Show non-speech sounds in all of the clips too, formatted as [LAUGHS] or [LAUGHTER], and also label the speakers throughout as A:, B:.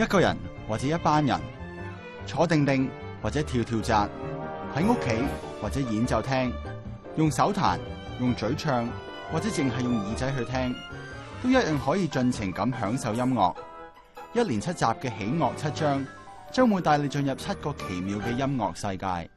A: 一個人或者一班人坐定定或者跳跳紮，喺屋企或者演奏廳，用手彈、用嘴唱或者淨係用耳仔去聽，都一樣可以盡情咁享受音樂。一連七集嘅《喜樂七章》，將會帶你進入七個奇妙嘅音樂世界。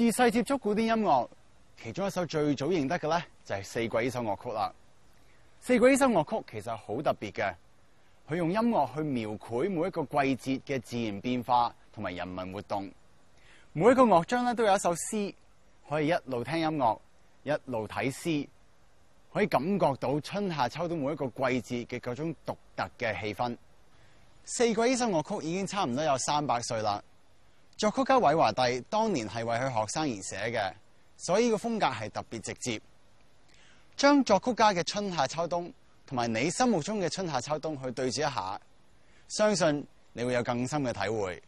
A: 自細接觸古典音樂，其中一首最早認得嘅咧就係《四季》呢首樂曲啦。《四季》呢首樂曲其實好特別嘅，佢用音樂去描繪每一個季節嘅自然變化同埋人民活動。每一個樂章咧都有一首詩，可以一路聽音樂，一路睇詩，可以感覺到春夏秋冬每一個季節嘅各種獨特嘅氣氛。《四季》呢首樂曲已經差唔多有三百歲啦。作曲家韋華第當年係為佢學生而寫嘅，所以個風格係特別直接。將作曲家嘅春夏秋冬同埋你心目中嘅春夏秋冬去對比一下，相信你會有更深嘅體會。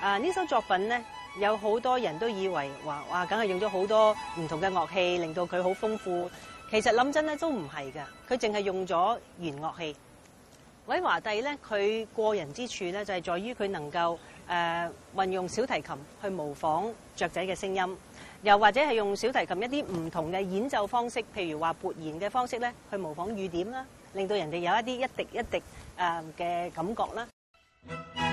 B: 啊！呢首作品咧，有好多人都以為話哇，梗係用咗好多唔同嘅樂器，令到佢好豐富。其實諗真咧都唔係㗎。佢淨係用咗弦樂器。韋華第咧，佢過人之處咧就係在於佢能夠誒運用小提琴去模仿雀仔嘅聲音，又或者係用小提琴一啲唔同嘅演奏方式，譬如話撥弦嘅方式咧，去模仿雨點啦，令到人哋有一啲一滴一滴誒嘅感覺啦。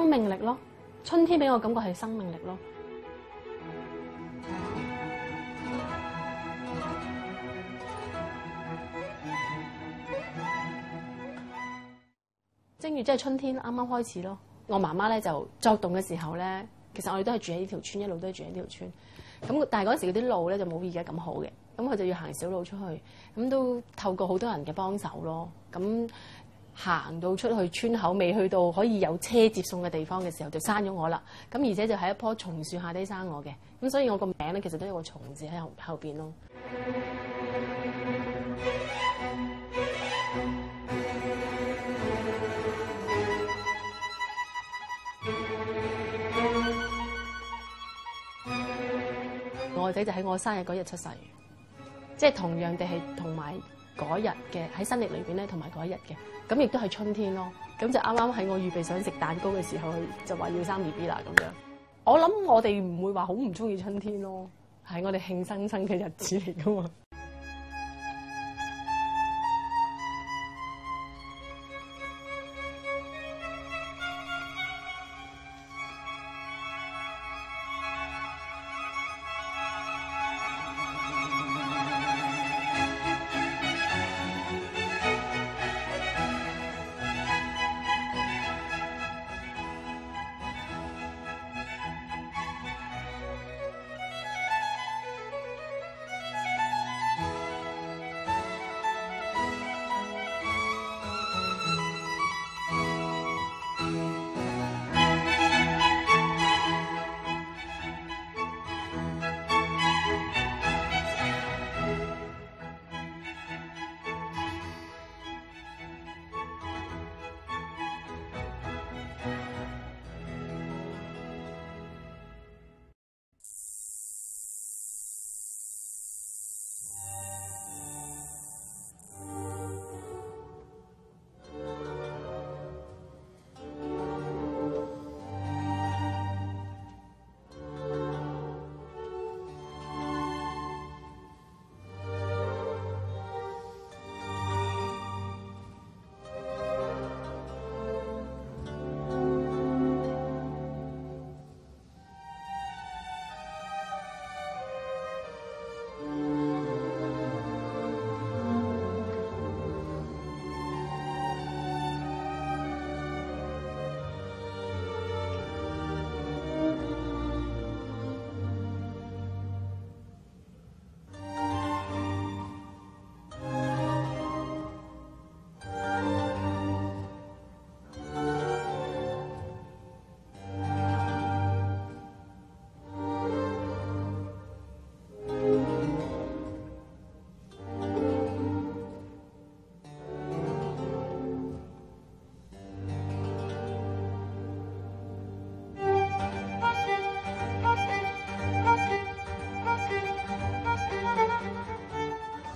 B: 生命力咯，春天俾我感覺係生命力
C: 咯。
B: 正月即係春天，啱啱開始咯。我媽媽咧就作動嘅時候咧，其實我哋都係住喺呢條村，一路都係住喺呢條村。咁但係嗰時嗰啲路咧就冇而家咁好嘅，咁佢就要行小路出去，咁都透過好多人嘅幫手咯，咁。行到出去村口，未去到可以有車接送嘅地方嘅時候，就生咗我啦。咁而且就喺一棵松樹下低生我嘅。咁所以我個名咧，其實都有個松字喺後後邊咯。
C: 我仔
B: 就喺我生日嗰日出世，即係同樣地係同埋。嗰日嘅喺新曆裏邊咧，同埋嗰一日嘅，咁亦都係春天咯。咁就啱啱喺我預備想食蛋糕嘅時候，佢就話要生 B B 啦咁樣。我諗我哋唔會話好唔中意春天咯，係我哋慶新生嘅日子嚟噶嘛。 [LAUGHS]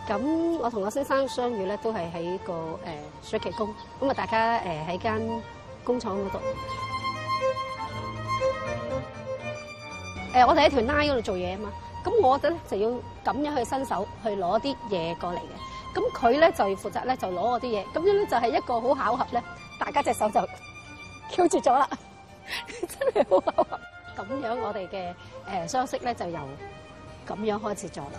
B: 咁我同我先生相遇咧，都係喺個誒暑期工，咁啊大家誒喺間工廠嗰度。
C: 誒，我哋喺條
B: line 嗰度做嘢啊嘛，咁我咧就要咁樣去伸手去攞啲嘢過嚟嘅，咁佢咧就要負責咧就攞我啲嘢，咁樣咧就係一個好巧合咧，大家隻手就 hold 住咗啦，真係好巧合。咁樣我哋嘅誒相識咧就由咁樣開始咗啦。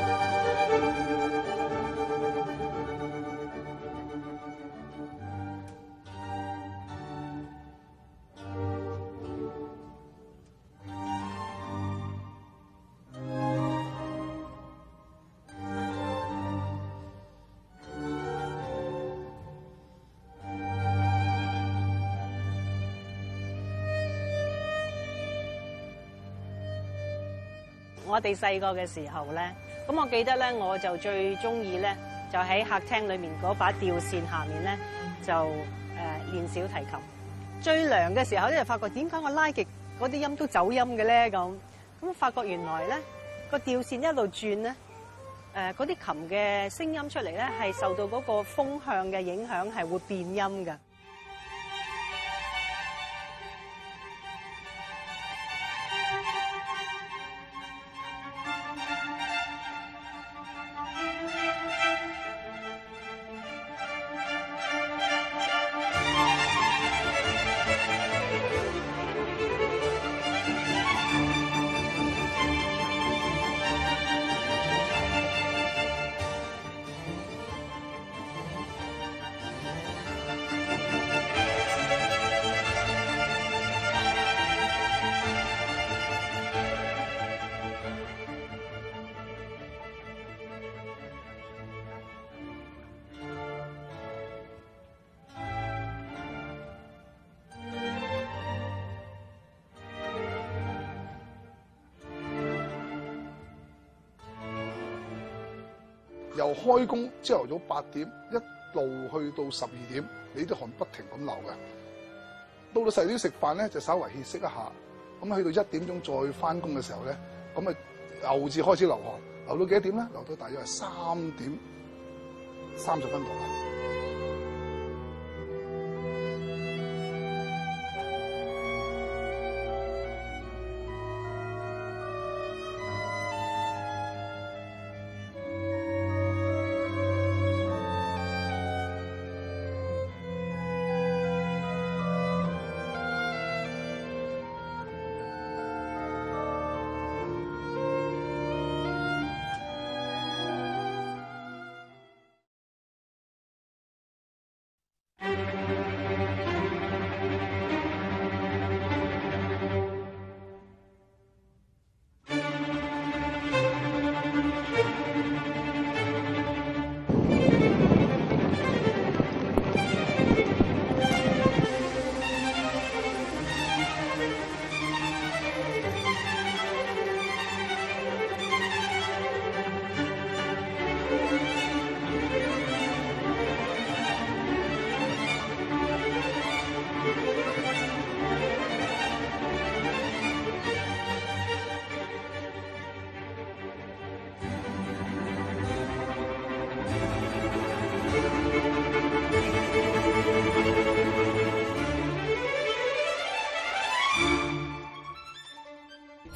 B: 我哋細個嘅時候咧，咁我記得咧，我就最鍾意咧，就喺客廳裏面嗰把吊扇下面咧，就誒練、呃、小提琴。最涼嘅時候，一就發覺點解我拉極嗰啲音都走音嘅咧？咁咁發覺原來咧個吊扇一路轉咧，誒嗰啲琴嘅聲音出嚟咧，係受到嗰個風向嘅影響，係會變音㗎。
A: 由開工
D: 朝頭早八點一路去到十二點，你啲汗不停咁流嘅。到到細啲食飯咧，就稍微歇息一下。咁去到一點鐘再翻工嘅時候咧，咁啊又至開始流汗，流到幾多點咧？流到大約係三點
A: 三十分度啦。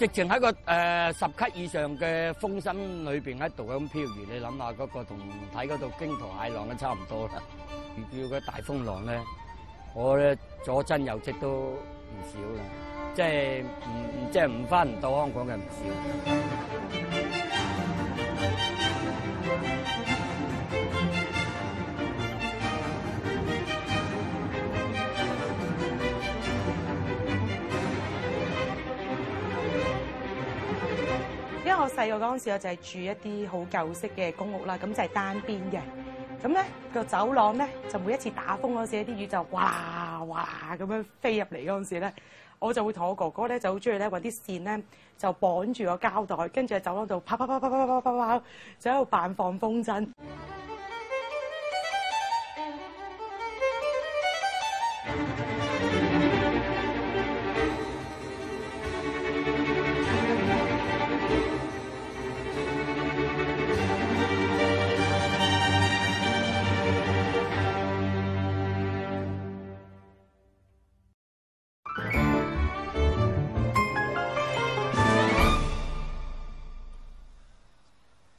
A: 直情喺個誒十、呃、級以上嘅風心裏邊喺度咁漂移，你諗下嗰個同睇嗰度驚濤駭浪都差唔多啦。遇到嘅大風浪咧，我咧左震右積都唔少啦，即係唔即係唔返唔到香港嘅唔少。
B: 我細個嗰陣時，我就係住一啲好舊式嘅公屋啦，咁、啊、就係、是、單邊嘅。咁、啊、咧、那個走廊咧，就每一次打風嗰時，啲雨就嘩嘩咁樣飛入嚟嗰陣時咧，我就會同我哥哥咧就好中意咧搵啲線咧，就綁住個膠袋，跟住喺走廊度啪，啪啪啪啪啪啪啪啪，就喺度扮放風箏。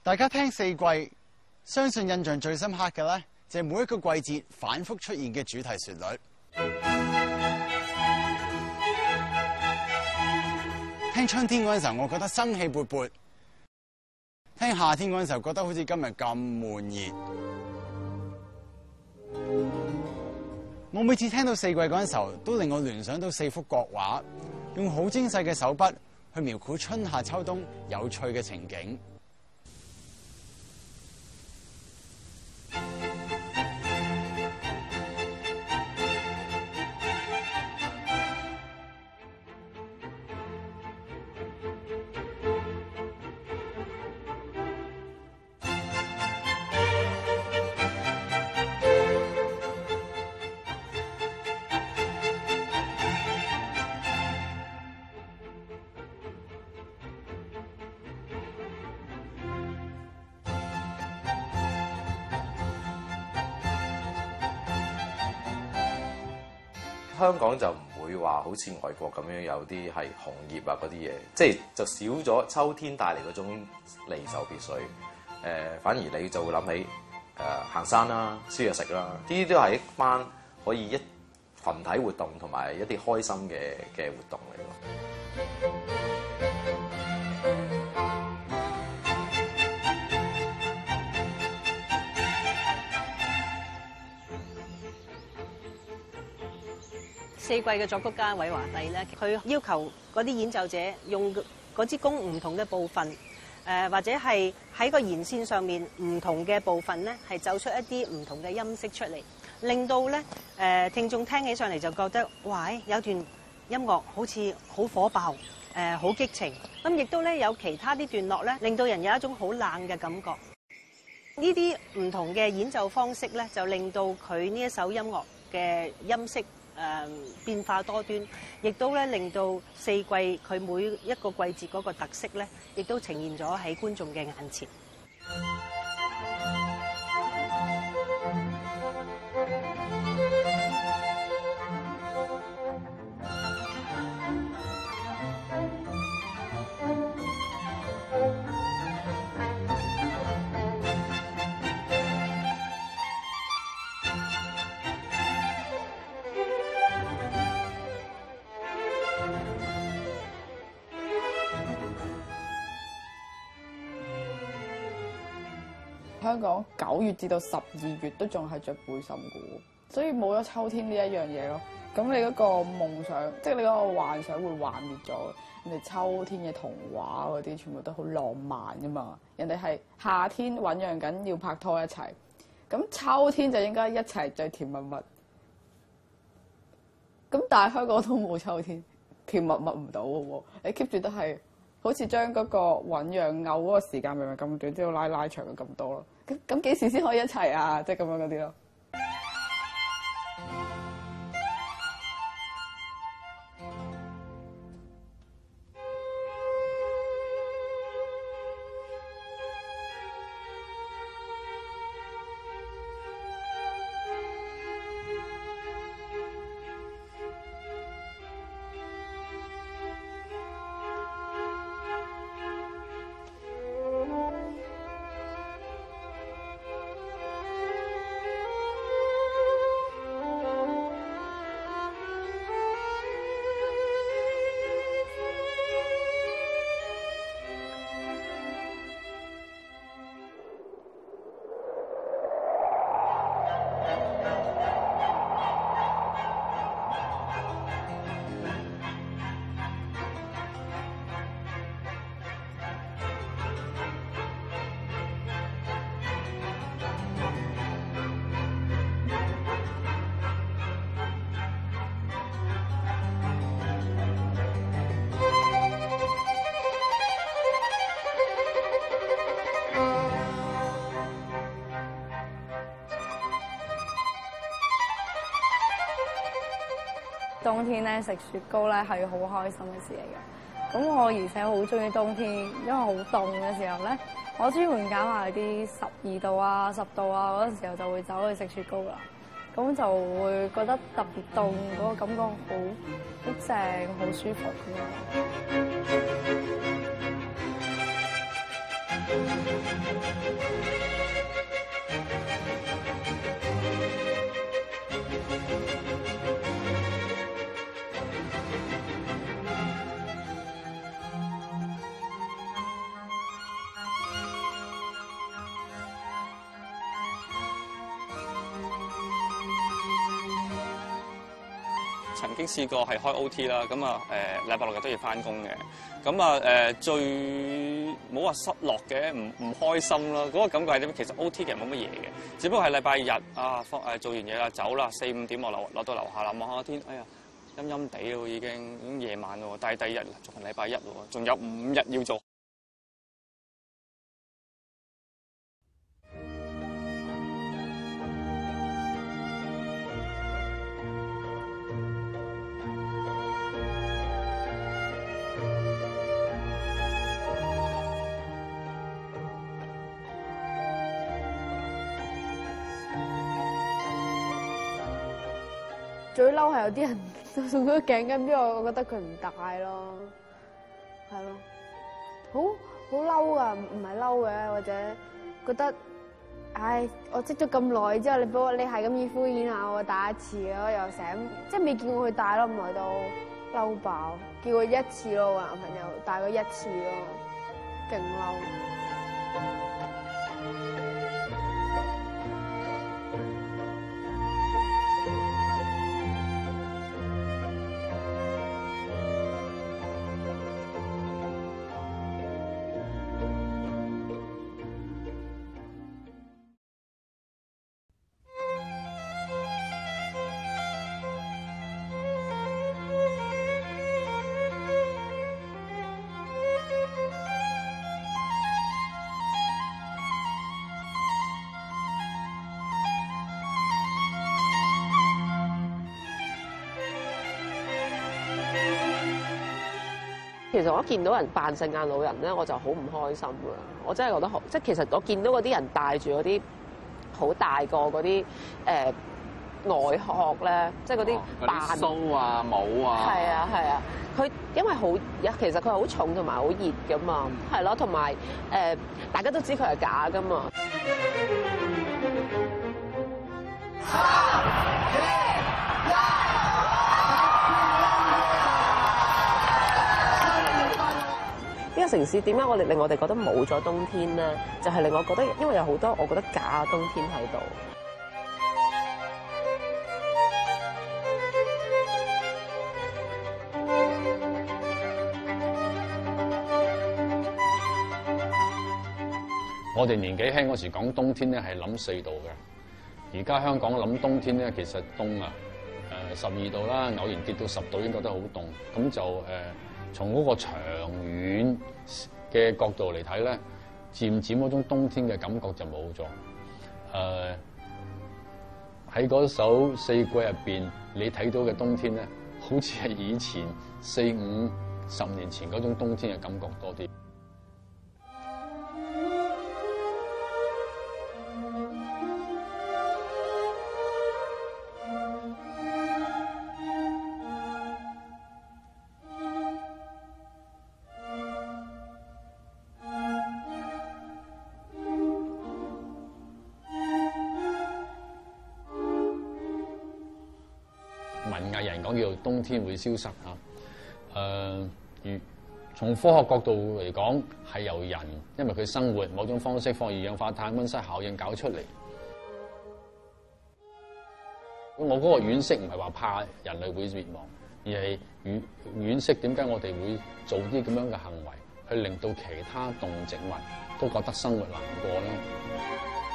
A: 大家聽四季，相信印象最深刻嘅咧，就係每一個季節反覆出現嘅主題旋律。聽春天嗰陣時候，我覺得生氣勃勃；聽夏天嗰陣時候，覺得好似今日咁悶熱。我每次聽到四季嗰陣時候，都令我聯想到四幅國畫，用好精細嘅手筆去描繪春夏秋冬有趣嘅情景。
D: 香港就唔會話好似外國咁樣有啲係紅葉啊嗰啲嘢，即係就少咗秋天帶嚟嗰種離愁別緒。誒、呃，反而你就會諗起誒、呃、行山啦、啊、燒嘢食啦、啊，呢啲都係一班可以一羣體活動同埋一啲開心嘅嘅活動嚟咯。
B: 四季嘅作曲家韋華第咧，佢要求嗰啲演奏者用嗰支弓唔同嘅部分，誒、呃、或者係喺個弦線上面唔同嘅部分咧，係奏出一啲唔同嘅音色出嚟，令到咧誒、呃、聽眾聽起上嚟就覺得哇！有段音樂好似好火爆，誒、呃、好激情。咁、嗯、亦都咧有其他啲段落咧，令到人有一種好冷嘅感覺。呢啲唔同嘅演奏方式咧，就令到佢呢一首音樂嘅音色，誒變化多端，亦都咧令到四季佢每一個季節嗰個特色咧，亦都呈現咗喺觀眾嘅眼前。
D: 香港九月至到十二月都仲係着背心噶，所以冇咗秋天呢一樣嘢咯。咁你嗰個夢想，即係你嗰個幻想會幻滅咗。人哋秋天嘅童話嗰啲全部都好浪漫㗎嘛。人哋係夏天醖釀緊要拍拖一齊，咁秋天就應該一齊最甜蜜蜜。咁但係香港都冇秋天，甜蜜蜜唔到喎。你 keep 住都係好似將嗰個醖釀嘔嗰個時間明明咁短，之後拉拉長咗咁多咯。
C: 咁咁幾時先
D: 可以一齊啊？即係咁樣嗰啲囉。
A: 冬天咧食雪糕咧係好開心嘅事嚟嘅，咁我而且好鍾意冬天，因為好凍嘅時候咧，我專門揀埋啲十二度啊、十度啊嗰陣時候就會走去食雪糕啦，咁就會覺得特別凍，嗰、嗰個感覺
B: 好正，好舒服嘅。 [MUSIC]
D: 曾經試過係開 O.T. 啦，咁啊誒，禮拜六日都要翻工嘅，咁啊誒，最冇話失落嘅，唔唔開心啦。嗰個感覺係點？其實 O.T. 其實冇乜嘢嘅，只不過係禮拜日啊，做完嘢啊走啦，四五點我樓落到樓下啦，望下天，哎呀
C: 陰陰地咯已經咁夜晚喎，但係第二日仲係禮拜一喎，仲有五日要做。
D: 嬲係有啲人
B: 送咗頸巾，之後我覺得佢唔戴咯，係咯，好好嬲噶，唔係嬲嘅，或者覺得，唉，我積咗咁耐之後，你畀我，你係咁意敷衍下我，打一次咯，又成，即係未見過佢戴咯，咁耐到，嬲爆，見過一次咯，我男朋友戴過一次咯，勁嬲。其實我一見到人扮聖誕老人咧，我就好唔開心㗎。我真係覺得好，即係其實我見到嗰啲人戴住嗰啲好大個嗰啲誒外殼咧，即係嗰啲扮鬚、哦、啊、帽啊。係啊係啊，佢、啊、因為好，其實佢好重同埋好熱㗎嘛。係咯、啊，同埋誒大家都知佢係假㗎嘛。
C: 啊。
B: 城市點解我哋令我哋覺得冇咗冬天咧？就係、是、令我覺得，因為有好多我覺得假冬天喺度。
D: 我哋年紀輕嗰時講冬天咧，係諗四度嘅。而家香港諗冬天咧，其實凍啊！誒、呃，十二度啦，偶然跌到十度已經覺得好凍，咁就誒。呃從嗰個長遠嘅角度嚟睇咧，漸漸嗰種冬天嘅感覺就冇咗。誒喺嗰首四季入面，你睇到嘅冬天咧，好似係以前四五十年前嗰種冬天嘅感覺多啲。冬天會消失啊！誒，呃，從科學角度嚟講，係由人因為佢生活某種方式放二氧化碳溫室效應搞出嚟。我嗰個惋惜唔係話怕人類會滅亡，而係惋惜點解我哋會做啲咁樣嘅行為，去令到其他動植物都覺得生活難過咧。